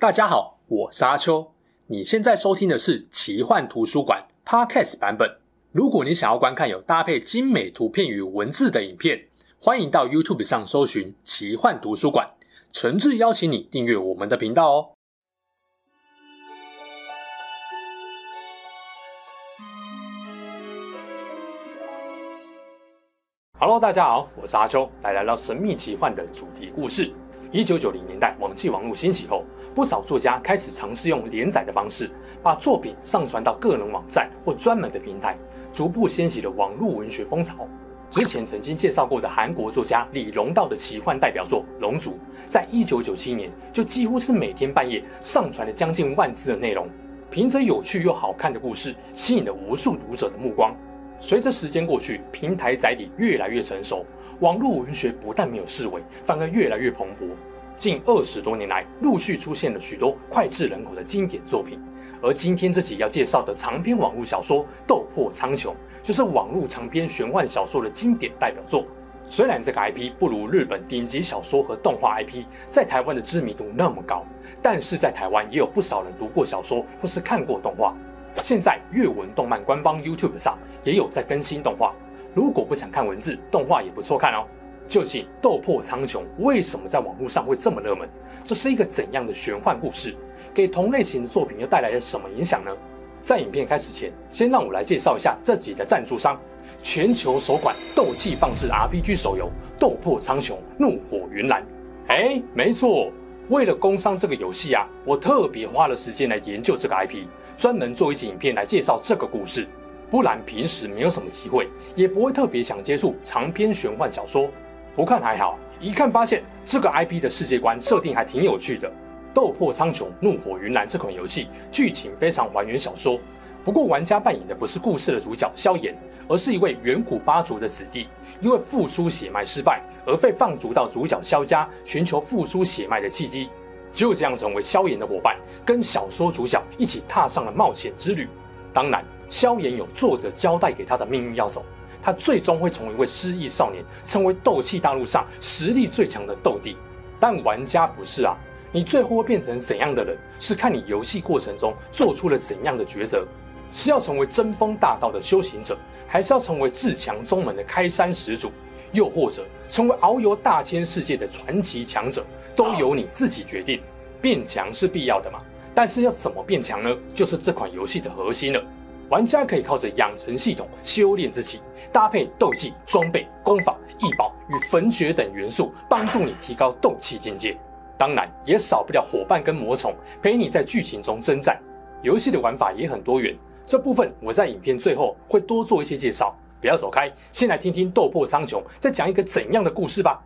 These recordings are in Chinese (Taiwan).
大家好，我是阿秋。你現在收聽的是奇幻圖書館 Podcast 版本。如果你想要觀看有搭配精美圖片與文字的影片，歡迎到 YouTube 上搜尋“奇幻圖書館”，誠摯邀請你訂閱我們的頻道哦。Hello，大家好，我是阿秋，來聊聊神秘奇幻的主題故事。一九九零年代，網際網絡興起後，不少作家開始嘗試用連載的方式，把作品上傳到個人網站或專門的平台，逐步掀起了網路文學風潮。之前曾經介紹過的韓國作家李榮道的奇幻代表作《龍族》，在一九九七年就幾乎是每天半夜上傳了將近萬字的內容，憑着有趣又好看的故事，吸引了無數讀者的目光。隨着時間過去，平台載體越來越成熟，網路文學不但沒有式微，反而越來越蓬勃。近二十多年來，陸續出現了許多膾炙人口的經典作品。而今天這集要介紹的長篇網絡小說《鬥破蒼穹》，就是網絡長篇玄幻小說的經典代表作。雖然這個 IP 不如日本頂級小說和動畫 IP 在台灣的知名度那麼高，但是在台灣也有不少人讀過小說或是看過動畫。現在閱文動漫官方 YouTube 上也有在更新動畫，如果不想看文字，動畫也不錯看哦。究竟《鬥破蒼穹》為什麼在網絡上會這麼熱門？這是一個怎樣的玄幻故事？給同類型的作品又帶來了什麼影響呢？在影片開始前，先讓我來介紹一下自己的贊助商——全球首款鬥氣放置 RPG 手遊《鬥破蒼穹：怒火雲嵐》欸。哎，沒錯，為了工商這個遊戲啊，我特別花了時間來研究這個 IP，專門做一期影片來介紹這個故事。不然平時沒有什麼機會，也不會特別想接觸長篇玄幻小說。不看還好，一看發現這個 IP 的世界觀設定還挺有趣的，《鬥破蒼穹·怒火雲嵐》這款遊戲劇情非常還原小說，不過玩家扮演的不是故事的主角蕭炎，而是一位遠古八族的子弟，因為復甦血脈失敗而被放逐到主角蕭家，尋求復甦血脈的契機，就這樣成為蕭炎的夥伴，跟小說主角一起踏上了冒險之旅。當然，蕭炎有作者交代給他的命運要走。他最終會成為一位失意少年，成為鬥氣大陸上實力最強的鬥帝。但玩家不是啊，你最後會變成怎樣的人，是看你遊戲過程中做出了怎樣的抉擇。是要成為爭鋒大道的修行者，還是要成為自強宗門的開山始祖，又或者成為遨遊大千世界的傳奇強者，都由你自己決定。變強是必要的嘛？但是要怎麼變強呢？就是這款遊戲的核心了。玩家可以靠着養成系統修煉鬥氣，搭配鬥技、裝備、功法、異寶與焚決等元素，幫助你提高鬥氣境界。當然，也少不了夥伴跟魔寵陪你在劇情中征戰。遊戲的玩法也很多元，這部分我在影片最後會多做一些介紹。不要走開，先來聽聽《鬥破蒼穹》在講一個怎樣的故事吧。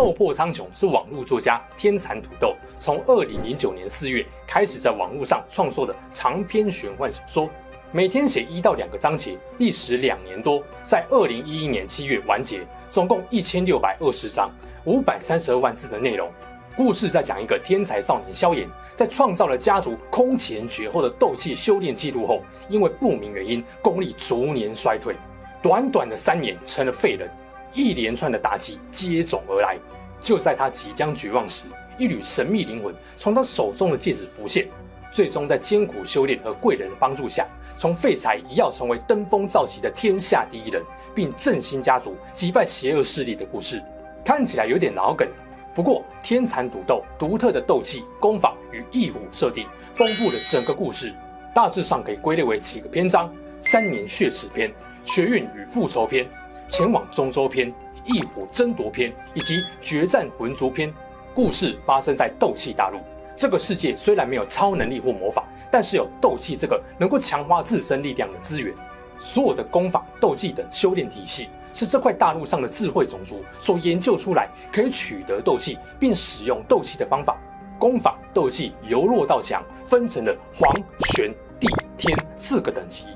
《鬥破蒼穹》是網絡作家天蠶土豆從二零零九年四月開始在網絡上創作的長篇玄幻小說，每天寫一到兩個章節，歷時兩年多，在二零一一年七月完結，總共一千六百二十章，五百三十二萬字的內容。故事在講一個天才少年蕭炎，在創造了家族空前絕後的鬥氣修煉記錄後，因為不明原因，功力逐年衰退，短短的三年成了廢人。一連串的打擊接踵而來，就在他即將絕望時，一縷神秘靈魂從他手中的戒指浮現。最終，在艱苦修煉和貴人的幫助下，從廢材一躍成為登峰造極的天下第一人，並振興家族、擊敗邪惡勢力的故事，看起來有點腦梗。不過，天蠶土豆獨特的鬥氣功法與異火設定，豐富了整個故事。大致上可以歸類為幾個篇章：三年血恥篇、學院與復仇篇。前往中州篇、異火爭奪篇以及決戰魂族篇。故事發生在鬥氣大陸。這個世界雖然沒有超能力或魔法，但是有鬥氣這個能夠強化自身力量的資源。所有的功法、鬥技等修煉體系，是這塊大陸上的智慧種族所研究出來，可以取得鬥氣並使用鬥氣的方法。功法、鬥技由弱到強，分成了黃、玄、地、天四個等級。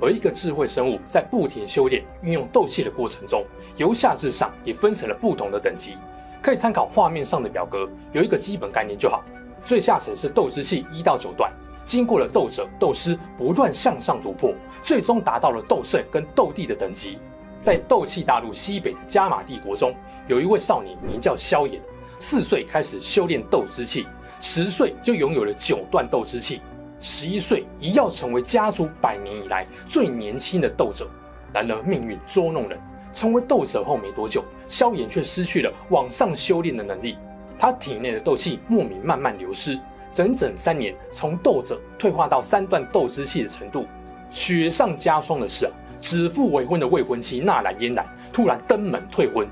而一個智慧生物在不停修煉、運用鬥氣的過程中，由下至上也分成了不同的等級，可以參考畫面上的表格，有一個基本概念就好。最下層是鬥之氣一到九段，經過了鬥者、鬥師，不斷向上突破，最終達到了鬥聖跟鬥帝的等級。在鬥氣大陸西北的加瑪帝國中，有一位少年名叫蕭炎，四歲開始修煉鬥之氣，十歲就擁有了九段鬥之氣。十一歲，一躍成為家族百年以來最年輕的鬥者。然而命運捉弄人，成為鬥者後沒多久，蕭炎卻失去了往上修煉的能力。他體內的鬥氣莫名慢慢流失，整整三年，從鬥者退化到三段鬥之氣的程度。雪上加霜的是啊，指腹為婚的未婚妻納蘭嫣然，妖然，妖然突然登門退婚，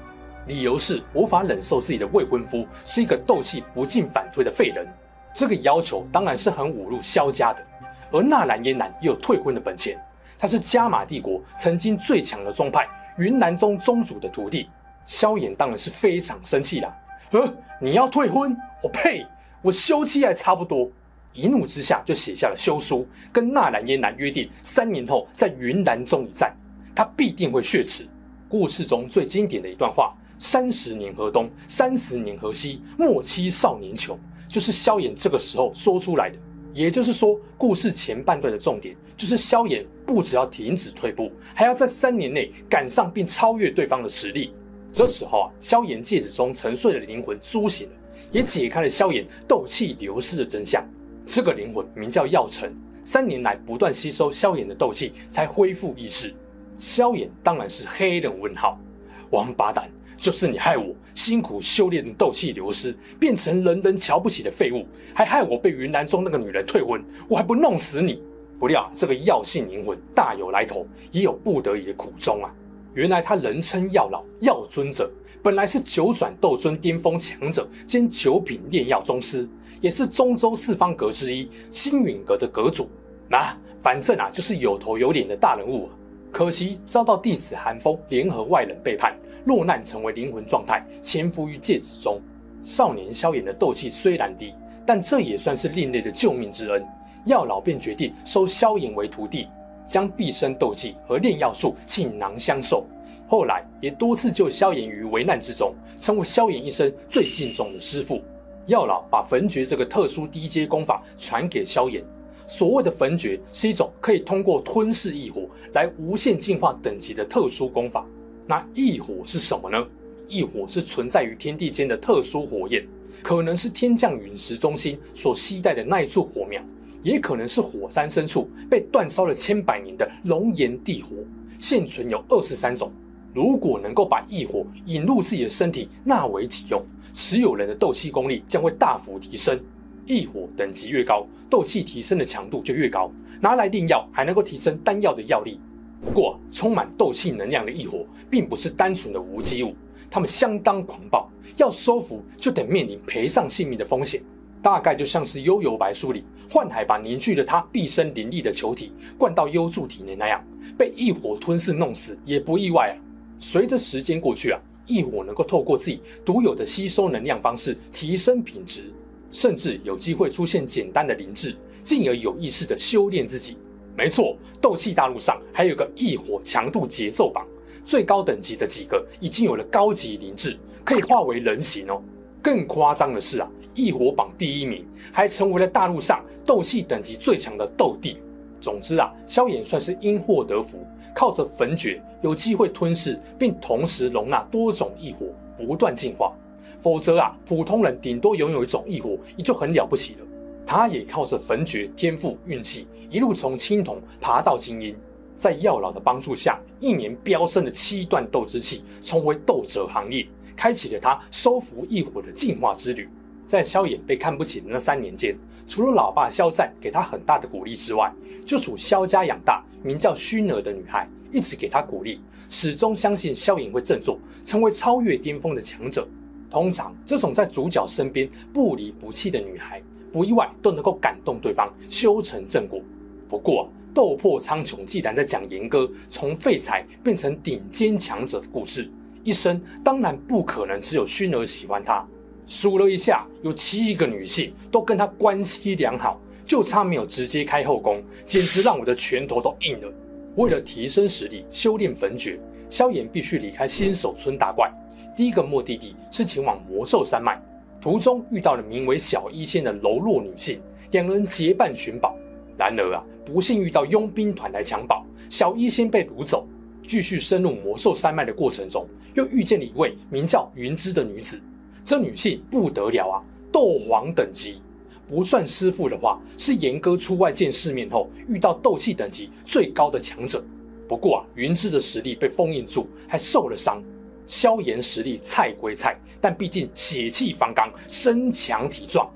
理由是無法忍受自己的未婚夫是一個鬥氣不進反退的廢人。這個要求當然是很侮辱蕭家的，而納蘭嫣然也有退婚的本錢。她是加瑪帝國曾經最強的宗派雲嵐宗宗主的徒弟，蕭炎當然是非常生氣啦、啊。呃、啊，你要退婚？我呸！我休妻還差不多。一怒之下就寫下了休書，跟納蘭嫣然約定三年後在雲嵐宗一戰，他必定會雪恥。故事中最經典的一段話：三十年河東，三十年河西，莫欺少年窮。就是蕭炎這個時候說出來的，也就是說，故事前半段的重點就是蕭炎不只要停止退步，還要在三年內趕上並超越對方的實力。這時候啊，蕭炎戒指中沉睡的靈魂甦醒了，也解開了蕭炎鬥氣流失的真相。這個靈魂名叫藥塵，三年來不斷吸收蕭炎的鬥氣，才恢復意識。蕭炎當然是黑人問號，王八蛋。就是你害我辛苦修煉的鬥氣流失，變成人人瞧不起的廢物，還害我被雲嵐宗那個女人退婚，我還不弄死你！不料啊，這個藥姓靈魂大有來頭，也有不得已的苦衷啊。原來他人稱藥老、藥尊者，本來是九轉鬥尊巔峰強者兼九品煉藥宗師，也是中州四方閣之一星隕閣的閣主。那、啊、反正啊，就是有頭有臉的大人物、啊。可惜遭到弟子韓楓聯合外人背叛。落難成為靈魂狀態，潛伏於戒指中。少年蕭炎的鬥氣雖然低，但這也算是另類的救命之恩。藥老便決定收蕭炎為徒弟，將畢生鬥技和煉藥術傾囊相授。後來也多次救蕭炎於危難之中，成為蕭炎一生最敬重的師父。藥老把焚訣這個特殊低階功法傳給蕭炎。所謂的焚訣，是一種可以通過吞噬異火來無限進化等級的特殊功法。那異火是什麼呢？異火是存在於天地間的特殊火焰，可能是天降隕石中心所攜帶的那一處火苗，也可能是火山深處被煅燒了千百年的熔岩地火。現存有二十三種。如果能夠把異火引入自己的身體，納為己用，持有人的鬥氣功力將會大幅提升。異火等級越高，鬥氣提升的強度就越高。拿來煉藥，還能夠提升丹藥的藥力。不過啊，充滿鬥氣能量的異火並不是單純的無機物，它們相當狂暴，要收服就得面臨賠上性命的風險。大概就像是《幽遊白書》裡幻海把凝聚了他畢生靈力的球體灌到幽助體內那樣，被異火吞噬弄死也不意外啊。隨着時間過去啊，異火能夠透過自己獨有的吸收能量方式提升品質，甚至有機會出現簡單的靈智，進而有意識地修煉自己。沒錯，鬥氣大陸上還有個異火強度節奏榜，最高等級的幾個已經有了高級靈智，可以化為人形哦。更誇張的是啊，異火榜第一名還成為了大陸上鬥氣等級最強的鬥帝。總之啊，蕭炎算是因禍得福，靠着焚訣有機會吞噬並同時容納多種異火，不斷進化。否則啊，普通人頂多擁有一種異火，也就很了不起了。他也靠着焚決天賦運氣，一路從青銅爬到精英，在藥老的幫助下，一年飆升了七段鬥之氣，重回鬥者行列，開啟了他收服異火的進化之旅。在蕭炎被看不起的那三年間，除了老爸蕭戰給他很大的鼓勵之外，就屬蕭家養大名叫薰兒的女孩，一直給他鼓勵，始終相信蕭炎會振作，成為超越巔峰的強者。通常這種在主角身邊不離不棄的女孩，不意外都能夠感動對方，修成正果。不過，《鬥破蒼穹》既然在講炎哥從廢材變成頂尖強者的故事，一生當然不可能只有薰兒喜歡他。數了一下，有七個女性都跟他關係良好，就差沒有直接開後宮，簡直讓我的拳頭都硬了。為了提升實力，修煉焚訣，蕭炎必須離開新手村打怪。嗯、第一個目的地是前往魔獸山脈。途中遇到了名為小一仙的柔弱女性，兩人結伴尋寶。然而啊，不幸遇到傭兵團來搶寶，小一仙被擄走。繼續深入魔獸山脈的過程中，又遇見了一位名叫雲芝的女子。這女性不得了啊，鬥皇等級，不算師傅的話，是嚴哥出外見世面後遇到鬥氣等級最高的強者。不過啊，雲芝的實力被封印住，還受了傷。蕭炎實力菜歸菜，但畢竟血氣方剛，身強體壯。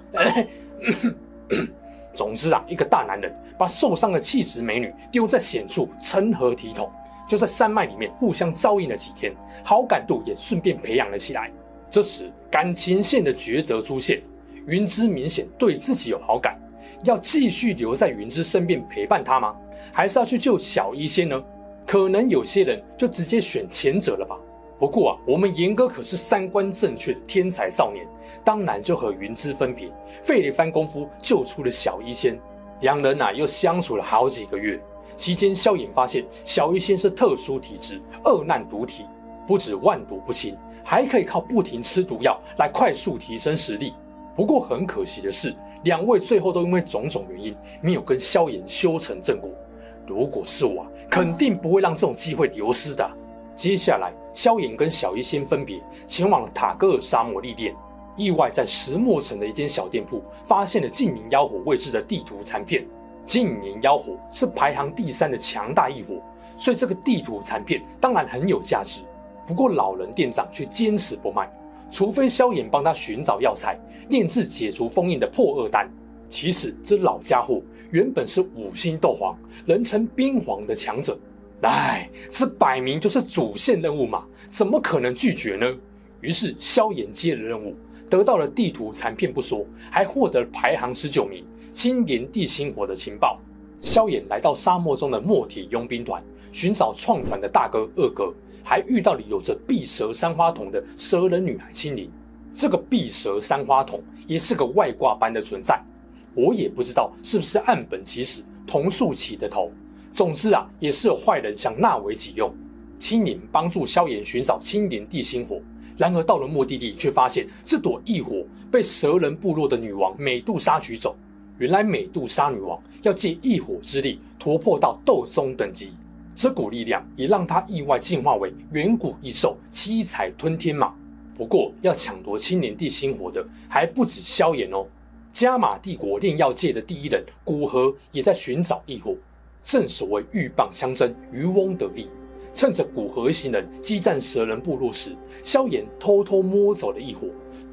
總之啊，一個大男人把受傷的氣質美女丟在險處，成何體統？就在山脈裡面互相照應了幾天，好感度也順便培養了起來。這時感情線的抉擇出現，雲韻明顯對自己有好感，要繼續留在雲韻身邊陪伴她嗎？還是要去救小醫仙呢？可能有些人就直接選前者了吧。不過啊，我們炎哥可是三觀正確的天才少年，當然就和雲芝分別，費了一番功夫救出了小醫仙。兩人啊又相處了好幾個月，期間蕭炎發現小醫仙是特殊體質，厄難毒體，不止萬毒不侵，還可以靠不停吃毒藥來快速提升實力。不過很可惜的是，兩位最後都因為種種原因沒有跟蕭炎修成正果。如果是我啊，肯定不會讓這種機會流失的啊。接下來，蕭炎跟小醫仙分別前往了塔戈爾沙漠歷練，意外在石墨城的一間小店鋪發現了淨蓮妖火位置的地圖殘片。淨蓮妖火是排行第三的強大異火，所以這個地圖殘片當然很有價值。不過，老人店長卻堅持不賣，除非蕭炎幫他尋找藥材，煉製解除封印的破厄丹。其實，這老家伙原本是五星鬥皇，人稱冰皇的強者。哎，這擺明就是主線任務嘛，怎麼可能拒絕呢？於是蕭炎接了任務，得到了地圖殘片不說，還獲得了排行十九名青蓮地心火的情報。蕭炎來到沙漠中的墨鐵傭兵團，尋找創團的大哥二哥，還遇到了有着碧蛇三花瞳的蛇人女孩青鱗。這個碧蛇三花瞳也是個外掛般的存在，我也不知道是不是岸本齊史瞳術起的頭。總之啊，也是有壞人想納為己用。青鱗幫助蕭炎尋找青蓮地心火，然而到了目的地，卻發現這朵異火被蛇人部落的女王美杜莎取走。原來美杜莎女王要借異火之力突破到鬥宗等級，這股力量也讓她意外進化為遠古異獸七彩吞天馬。不過，要搶奪青蓮地心火的還不止蕭炎哦，加瑪帝國煉藥界的第一人古河也在尋找異火。正所謂鷸蚌相爭，漁翁得利。趁着古河一行人激戰蛇人部落時，蕭炎偷偷摸走了異火，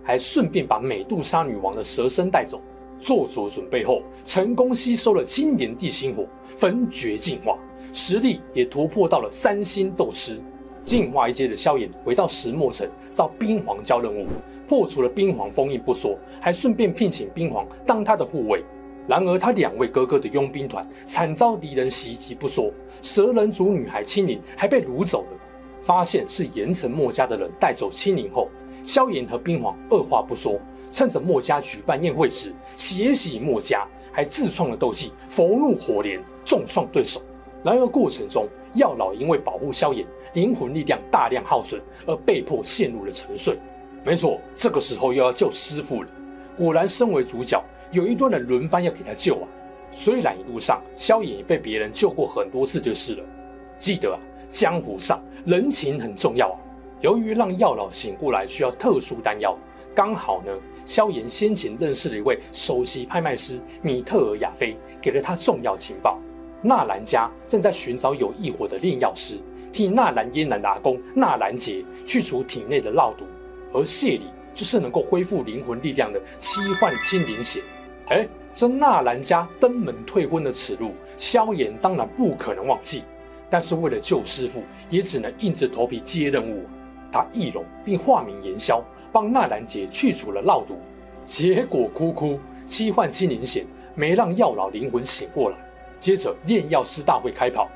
還順便把美杜莎女王的蛇身帶走。做足準備後，成功吸收了青蓮地心火，焚決進化，實力也突破到了三星鬥師。進化一階的蕭炎回到石墨城，找冰皇交任務，破除了冰皇封印不說，還順便聘請冰皇當他的護衛。然而，他兩位哥哥的傭兵團慘遭敵人襲擊不說，蛇人族女孩青鱗還被擄走了。發現是鹽城墨家的人帶走青鱗後，蕭炎和冰皇二話不說，趁着墨家舉辦宴會時血洗墨家，還自創了鬥技“佛怒火蓮”，重創對手。然而過程中，藥老因為保護蕭炎靈魂力量大量耗損而被迫陷入了沉睡。沒錯，這個時候又要救師傅了。果然，身為主角。有一段的輪番要給他救啊，雖然一路上，蕭炎也被別人救過很多次，就是了。記得啊，江湖上人情很重要啊。由於讓藥老醒過來需要特殊丹藥，剛好呢，蕭炎先前認識了一位首席拍賣師米特爾亞菲，給了他重要情報。納蘭家正在尋找有異火的煉藥師，替納蘭嫣然的阿公納蘭杰去除體內的烙毒，而謝禮就是能夠恢復靈魂力量的七幻青靈血。哎，這納蘭家登門退婚的恥辱，蕭炎當然不可能忘記。但是為了救師父，也只能硬着頭皮接任務。他易容並化名炎蕭，幫納蘭桀去除了烙毒。結果，哭哭七幻青靈涎，沒讓藥老靈魂醒過來。接着，煉藥師大會開跑，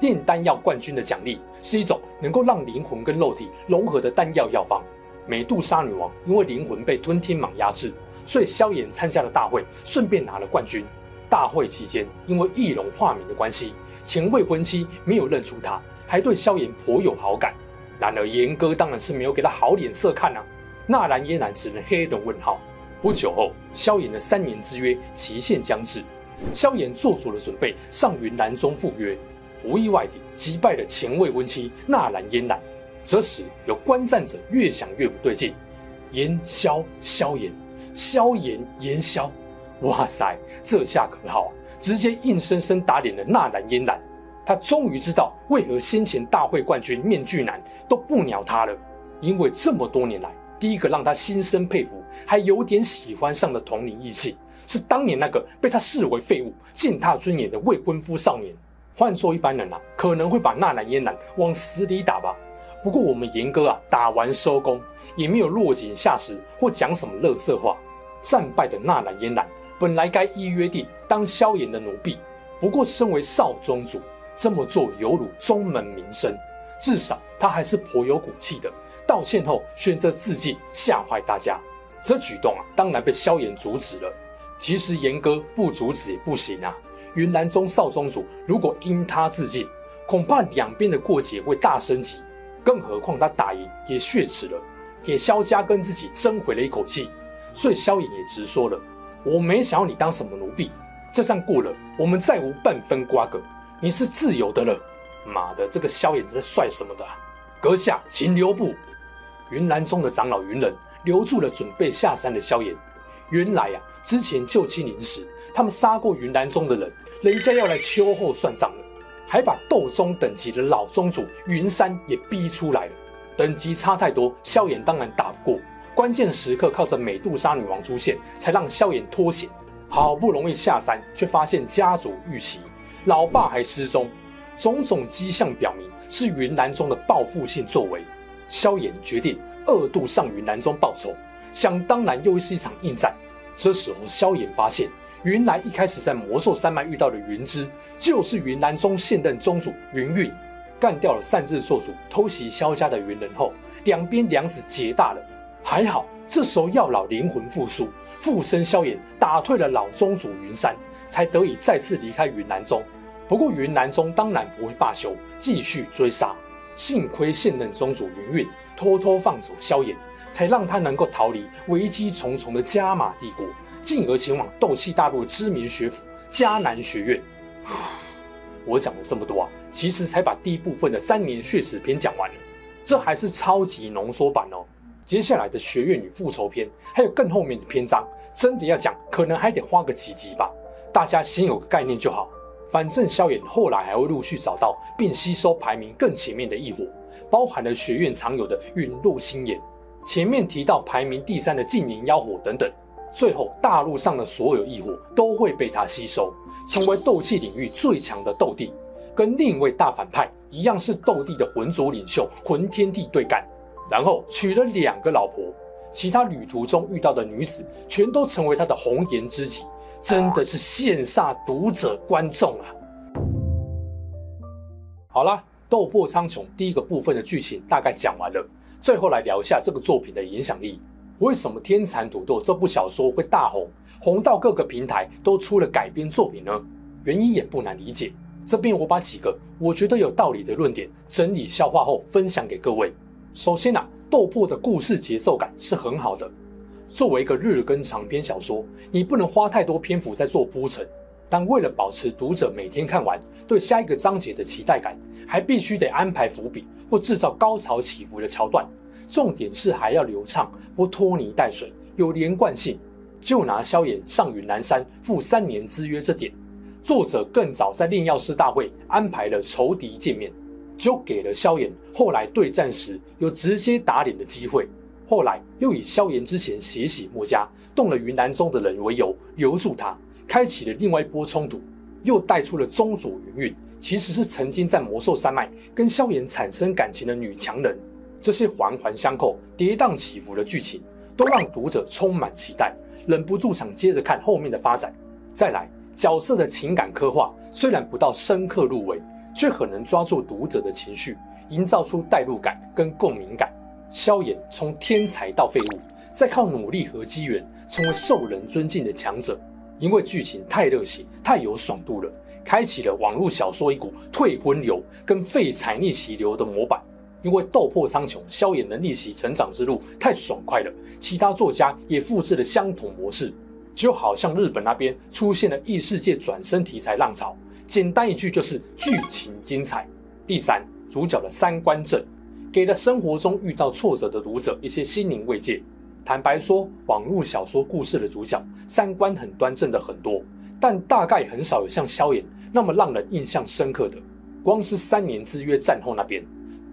煉丹藥冠軍的獎勵是一種能夠讓靈魂跟肉體融合的丹藥藥方。美杜莎女王因為靈魂被吞天蟒壓制。所以蕭炎參加了大會，順便拿了冠軍。大會期間，因為易容化名的關係，前未婚妻沒有認出他，還對蕭炎頗有好感。然而，炎哥當然是沒有給他好臉色看啊！納蘭嫣然只能黑人問號。不久後，蕭炎的三年之約期限將至，蕭炎做足了準備，上雲嵐宗赴約，不意外地擊敗了前未婚妻納蘭嫣然。這時，有觀戰者越想越不對勁，言蕭蕭炎。蕭炎炎蕭，哇塞，這下可好啊，直接硬生生打臉了納蘭嫣然。他終於知道為何先前大會冠軍面具男都不鳥他了，因為這麼多年來，第一個讓他心生佩服，還有點喜歡上的同齡異性，是當年那個被他視為廢物、踐踏尊嚴的未婚夫少年。換做一般人啊，可能會把納蘭嫣然往死裡打吧。不過我們炎哥啊，打完收工也沒有落井下石或講什麼垃圾話。戰敗的納蘭嫣然本來該依約定當蕭炎的奴婢，不過身為少宗主這麼做有辱宗門名聲，至少他還是頗有骨氣的。道歉後選擇自盡，嚇壞大家。這舉動啊，當然被蕭炎阻止了。其實炎哥不阻止也不行啊。雲嵐宗少宗主如果因他自盡，恐怕兩邊的過節會大升級。更何況他打贏也雪恥了，給蕭家跟自己爭回了一口氣，所以蕭炎也直說了：“我沒想要你當什麼奴婢，這仗過了，我們再無半分瓜葛，你是自由的了。”媽的，這個蕭炎在帥什麼的、啊？閣下，請留步。雲嵐宗的長老雲人留住了準備下山的蕭炎。原來啊，之前救青靈時，他們殺過雲嵐宗的人，人家要來秋後算賬。還把鬥宗等級的老宗主雲山也逼出來了，等級差太多，蕭炎當然打不過。關鍵時刻靠着美杜莎女王出現，才讓蕭炎脫險。好不容易下山，卻發現家族遇襲，老爸還失蹤。種種跡象表明是雲嵐宗的報復性作為。蕭炎決定二度上雲嵐宗報仇，想當然又是一場硬戰。這時候蕭炎發現。原來一開始在魔獸山脈遇到的雲芝，就是雲嵐宗現任宗主雲韻。幹掉了擅自做主偷襲蕭家的雲人後，兩邊梁子結大了。還好這時候藥老靈魂復甦，附身蕭炎，打退了老宗主雲山，才得以再次離開雲嵐宗。不過雲嵐宗當然不會罷休，繼續追殺。幸虧現任宗主雲韻偷偷放走蕭炎，才讓他能夠逃離危機重重的加瑪帝國。進而前往鬥氣大陸的知名學府迦南學院。我講了這麼多啊，其實才把第一部分的三年血恥篇講完了，這還是超級濃縮版哦。接下來的學院與復仇篇，還有更後面的篇章，真的要講，可能還得花個幾集吧。大家先有個概念就好。反正蕭炎後來還會陸續找到並吸收排名更前面的異火，包含了學院常有的隕落心炎，前面提到排名第三的淨蓮妖火等等。最後，大陸上的所有異火都會被他吸收，成為鬥氣領域最強的鬥帝，跟另一位大反派一樣，是鬥帝的魂族領袖，魂天帝對幹，然後娶了兩個老婆，其他旅途中遇到的女子全都成為他的紅顏知己，真的是羨煞讀者觀眾啊！好啦，《鬥破蒼穹》第一個部分的劇情大概講完了，最後來聊一下這個作品的影響力。為什麼《天蠶土豆》這部小說會大紅，紅到各個平台都出了改編作品呢？原因也不難理解。這邊我把幾個我覺得有道理的論點整理消化後分享給各位。首先啊，鬥破的故事節奏感是很好的。作為一個日更長篇小說，你不能花太多篇幅在做鋪陳，但為了保持讀者每天看完對下一個章節的期待感，還必須得安排伏筆或制造高潮起伏的橋段。重點是還要流暢，不拖泥帶水，有連貫性。就拿蕭炎上雲嵐山赴三年之約這點，作者更早在煉藥師大會安排了仇敵見面，就給了蕭炎後來對戰時有直接打臉的機會。後來又以蕭炎之前血洗，洗墨家，動了雲嵐宗的人為由，留住他，開啟了另外一波衝突，又帶出了宗主雲韻，其實是曾經在魔獸山脈跟蕭炎產生感情的女強人。這些環環相扣、跌宕起伏的劇情，都讓讀者充滿期待，忍不住想接着看後面的發展。再來，角色的情感刻畫雖然不到深刻入微，卻很能抓住讀者的情緒，營造出代入感跟共鳴感。蕭炎從天才到廢物，再靠努力和機緣成為受人尊敬的強者，因為劇情太熱血、太有爽度了，開啟了網絡小說一股退婚流跟廢柴逆襲流的模板。因為豆《鬥破蒼穹》蕭炎的逆襲成長之路太爽快了，其他作家也複製了相同模式，就好像日本那邊出現了異世界轉生題材浪潮。簡單一句就是劇情精彩。第三，主角的三觀正，給了生活中遇到挫折的讀者一些心靈慰藉。坦白說，網絡小說故事的主角三觀很端正的很多，但大概很少有像蕭炎那麼讓人印象深刻的。光是三年之約戰後那邊。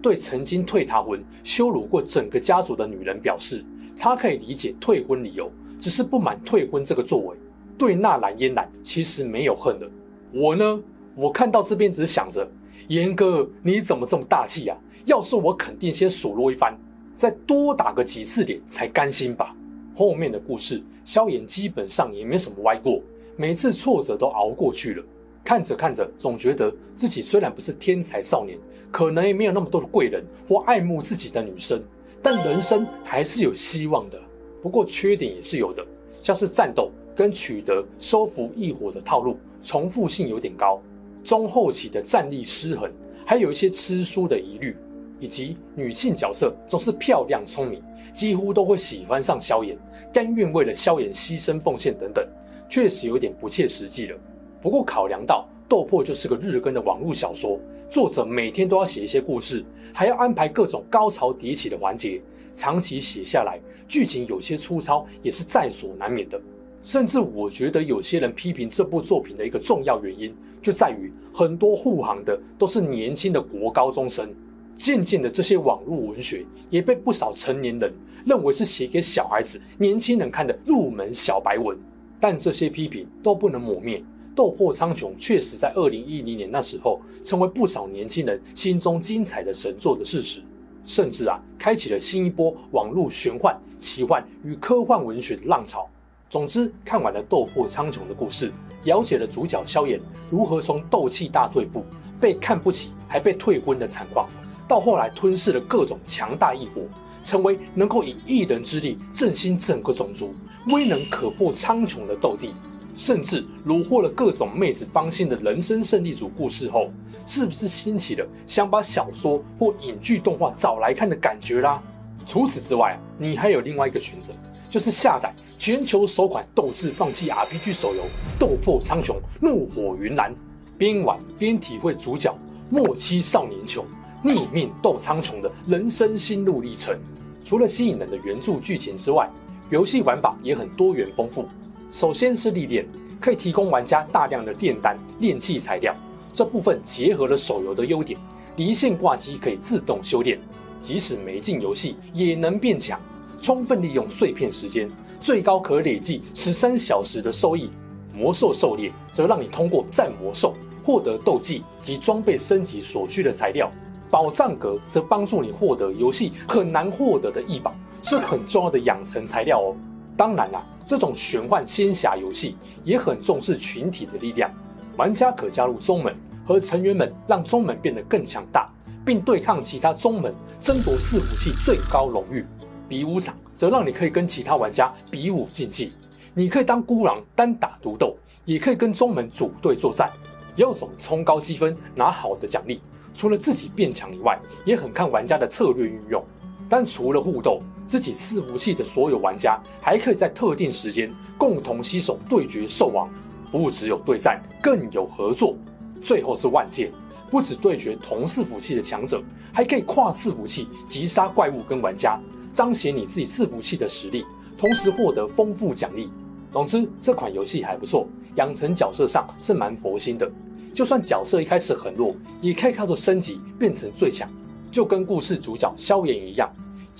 對曾經退他婚、羞辱過整個家族的女人表示，他可以理解退婚理由，只是不滿退婚這個作為。對納蘭嫣然其實沒有恨的。我呢，我看到這邊只想着，炎哥你怎麼這麼大氣啊？要是我肯定先數落一番，再多打個幾次臉才甘心吧。後面的故事，蕭炎基本上也沒什麼歪過，每次挫折都熬過去了。看着看着，總覺得自己雖然不是天才少年，可能也沒有那麼多的貴人或愛慕自己的女生，但人生還是有希望的。不過缺點也是有的，像是戰鬥跟取得收服異火的套路，重複性有點高，中後期的戰力失衡，還有一些吃書的疑慮，以及女性角色總是漂亮聰明，幾乎都會喜歡上蕭炎，甘願為了蕭炎犧牲奉獻等等，確實有點不切實際了。不過，考量到《鬥破》就是個日更的網絡小說，作者每天都要寫一些故事，還要安排各種高潮迭起的環節，長期寫下來，劇情有些粗糙也是在所難免的。甚至我覺得，有些人批評這部作品的一個重要原因，就在於很多護航的都是年輕的國高中生。漸漸的，這些網絡文學也被不少成年人認為是寫給小孩子、年輕人看的入門小白文。但這些批評都不能抹滅。《鬥破蒼穹》確實在二零一零年那時候成為不少年輕人心中精彩的神作的事實，甚至啊，開啟了新一波網絡玄幻、奇幻與科幻文學的浪潮。總之，看完了《鬥破蒼穹》的故事，了解了主角蕭炎如何從鬥氣大退步、被看不起、還被退婚的慘況，到後來吞噬了各種強大異火，成為能夠以一人之力振興整個種族、威能可破蒼穹的鬥帝。甚至虜獲了各種妹子芳心的人生勝利組故事後，是不是興起了想把小說或影劇動畫找來看的感覺啦？除此之外，你還有另外一個選擇，就是下載全球首款鬥氣放置 RPG 手遊《鬥破蒼穹》，怒火雲嵐，邊玩邊體會主角莫欺少年窮、逆命鬥蒼穹的人生心路歷程。除了吸引人的原著劇情之外，遊戲玩法也很多元豐富。首先是歷練，可以提供玩家大量的煉丹、煉器材料。這部分結合了手遊的優點，離線掛機可以自動修煉，即使沒進遊戲也能變強，充分利用碎片時間，最高可累計十三小時的收益。魔獸狩獵則讓你通過戰魔獸獲得鬥技及裝備升級所需的材料，寶藏閣則幫助你獲得遊戲很難獲得的異寶，是很重要的養成材料哦。當然了、啊，這種玄幻仙俠遊戲也很重視群體的力量。玩家可加入宗門和成員們，讓宗門變得更強大，並對抗其他宗門，爭奪伺服器最高榮譽。比武場則讓你可以跟其他玩家比武競技，你可以當孤狼單打獨鬥，也可以跟宗門組隊作戰，也有種衝高積分拿好的獎勵。除了自己變強以外，也很看玩家的策略運用。但除了互鬥，自己伺服器的所有玩家還可以在特定時間共同攜手對決獸王，不只有對戰，更有合作。最後是萬界，不只對決同伺服器的強者，還可以跨伺服器擊殺怪物跟玩家，彰顯你自己伺服器的實力，同時獲得豐富獎勵。總之，這款遊戲還不錯，養成角色上是蠻佛心的，就算角色一開始很弱，也可以靠着升級變成最強，就跟故事主角蕭炎一樣。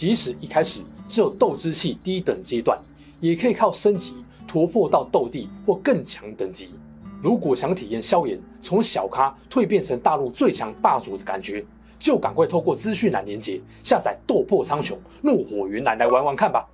即使一開始只有鬥之氣低等階段，也可以靠升級突破到鬥帝或更強等級。如果想體驗蕭炎從小咖蛻變成大陸最強霸主的感覺，就趕快透過資訊欄連結下載《鬥破蒼穹：怒火雲嵐》來玩玩看吧。